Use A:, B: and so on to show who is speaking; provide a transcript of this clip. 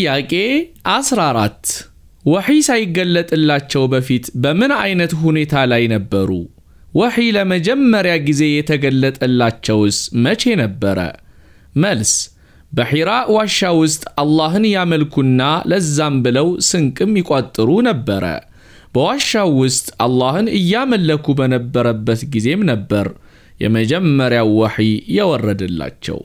A: ጥያቄ 14 ወሒ ሳይገለጥላቸው በፊት በምን አይነት ሁኔታ ላይ ነበሩ? ወሒ ለመጀመሪያ ጊዜ የተገለጠላቸውስ መቼ ነበረ? መልስ በሒራ ዋሻ ውስጥ አላህን ያመልኩና ለዛም ብለው ስንቅም ይቋጥሩ ነበረ። በዋሻው ውስጥ አላህን እያመለኩ በነበረበት ጊዜም ነበር የመጀመሪያው ወሒ የወረደላቸው።